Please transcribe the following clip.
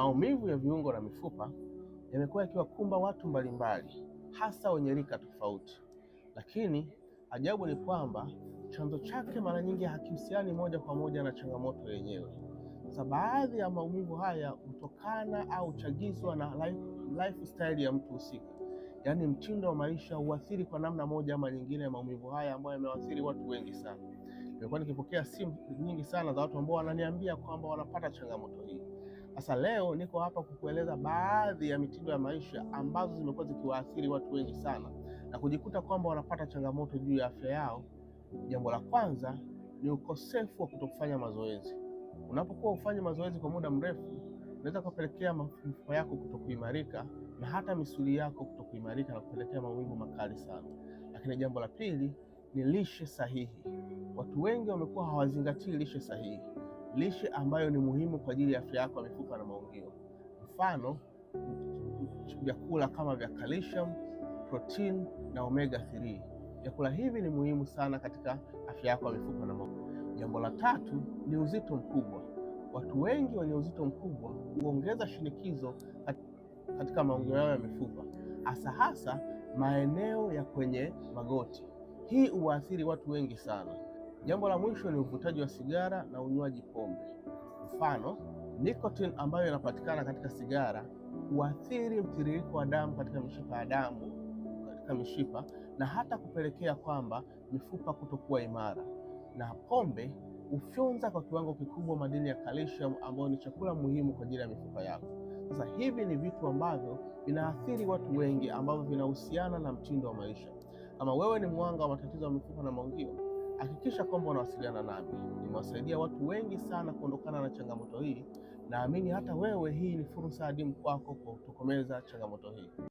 Maumivu ya viungo na mifupa yamekuwa yakiwakumba watu mbalimbali, hasa wenye rika tofauti, lakini ajabu ni kwamba chanzo chake mara nyingi hakihusiani moja kwa moja na changamoto yenyewe. Sasa baadhi ya maumivu haya hutokana au chagizwa na life, ya mtu husika, yaani mtindo wa maisha huathiri kwa namna moja ama nyingine ya maumivu haya ambayo yamewathiri watu wengi sana. Nimekuwa nikipokea simu nyingi sana za watu ambao wananiambia kwamba wanapata changamoto hii. Sasa leo niko hapa kukueleza baadhi ya mitindo ya maisha ambazo zimekuwa zikiwaathiri watu wengi sana na kujikuta kwamba wanapata changamoto juu ya afya yao. Jambo la kwanza ni ukosefu wa kutofanya mazoezi. Unapokuwa ufanye mazoezi kwa muda mrefu, unaweza kupelekea mifupa yako kutokuimarika na hata misuli yako kutokuimarika na kupelekea maumivu makali sana. Lakini jambo la pili ni lishe sahihi. Watu wengi wamekuwa hawazingatii lishe sahihi lishe ambayo ni muhimu kwa ajili ya afya yako ya mifupa na maungio, mfano vyakula kama vya calcium, protein na omega 3. Vyakula hivi ni muhimu sana katika afya yako ya mifupa na maungio. Jambo la tatu ni uzito mkubwa. Watu wengi wenye uzito mkubwa huongeza shinikizo katika maungio yao ya mifupa, hasa hasa maeneo ya kwenye magoti. Hii huwaathiri watu wengi sana. Jambo la mwisho ni uvutaji wa sigara na unywaji pombe. Mfano, nikotini ambayo inapatikana katika sigara huathiri mtiririko wa damu katika mishipa ya damu katika mishipa na hata kupelekea kwamba mifupa kutokuwa imara, na pombe hufyonza kwa kiwango kikubwa madini ya calcium ambayo ni chakula muhimu kwa ajili ya mifupa yako. Sasa hivi ni vitu ambavyo vinaathiri watu wengi ambavyo vinahusiana na mtindo wa maisha. Kama wewe ni mwanga wa matatizo ya mifupa na maungio hakikisha kwamba unawasiliana nami. Nimewasaidia watu wengi sana kuondokana na changamoto hii. Naamini hata wewe, hii ni fursa adimu kwako kwa kutokomeza changamoto hii.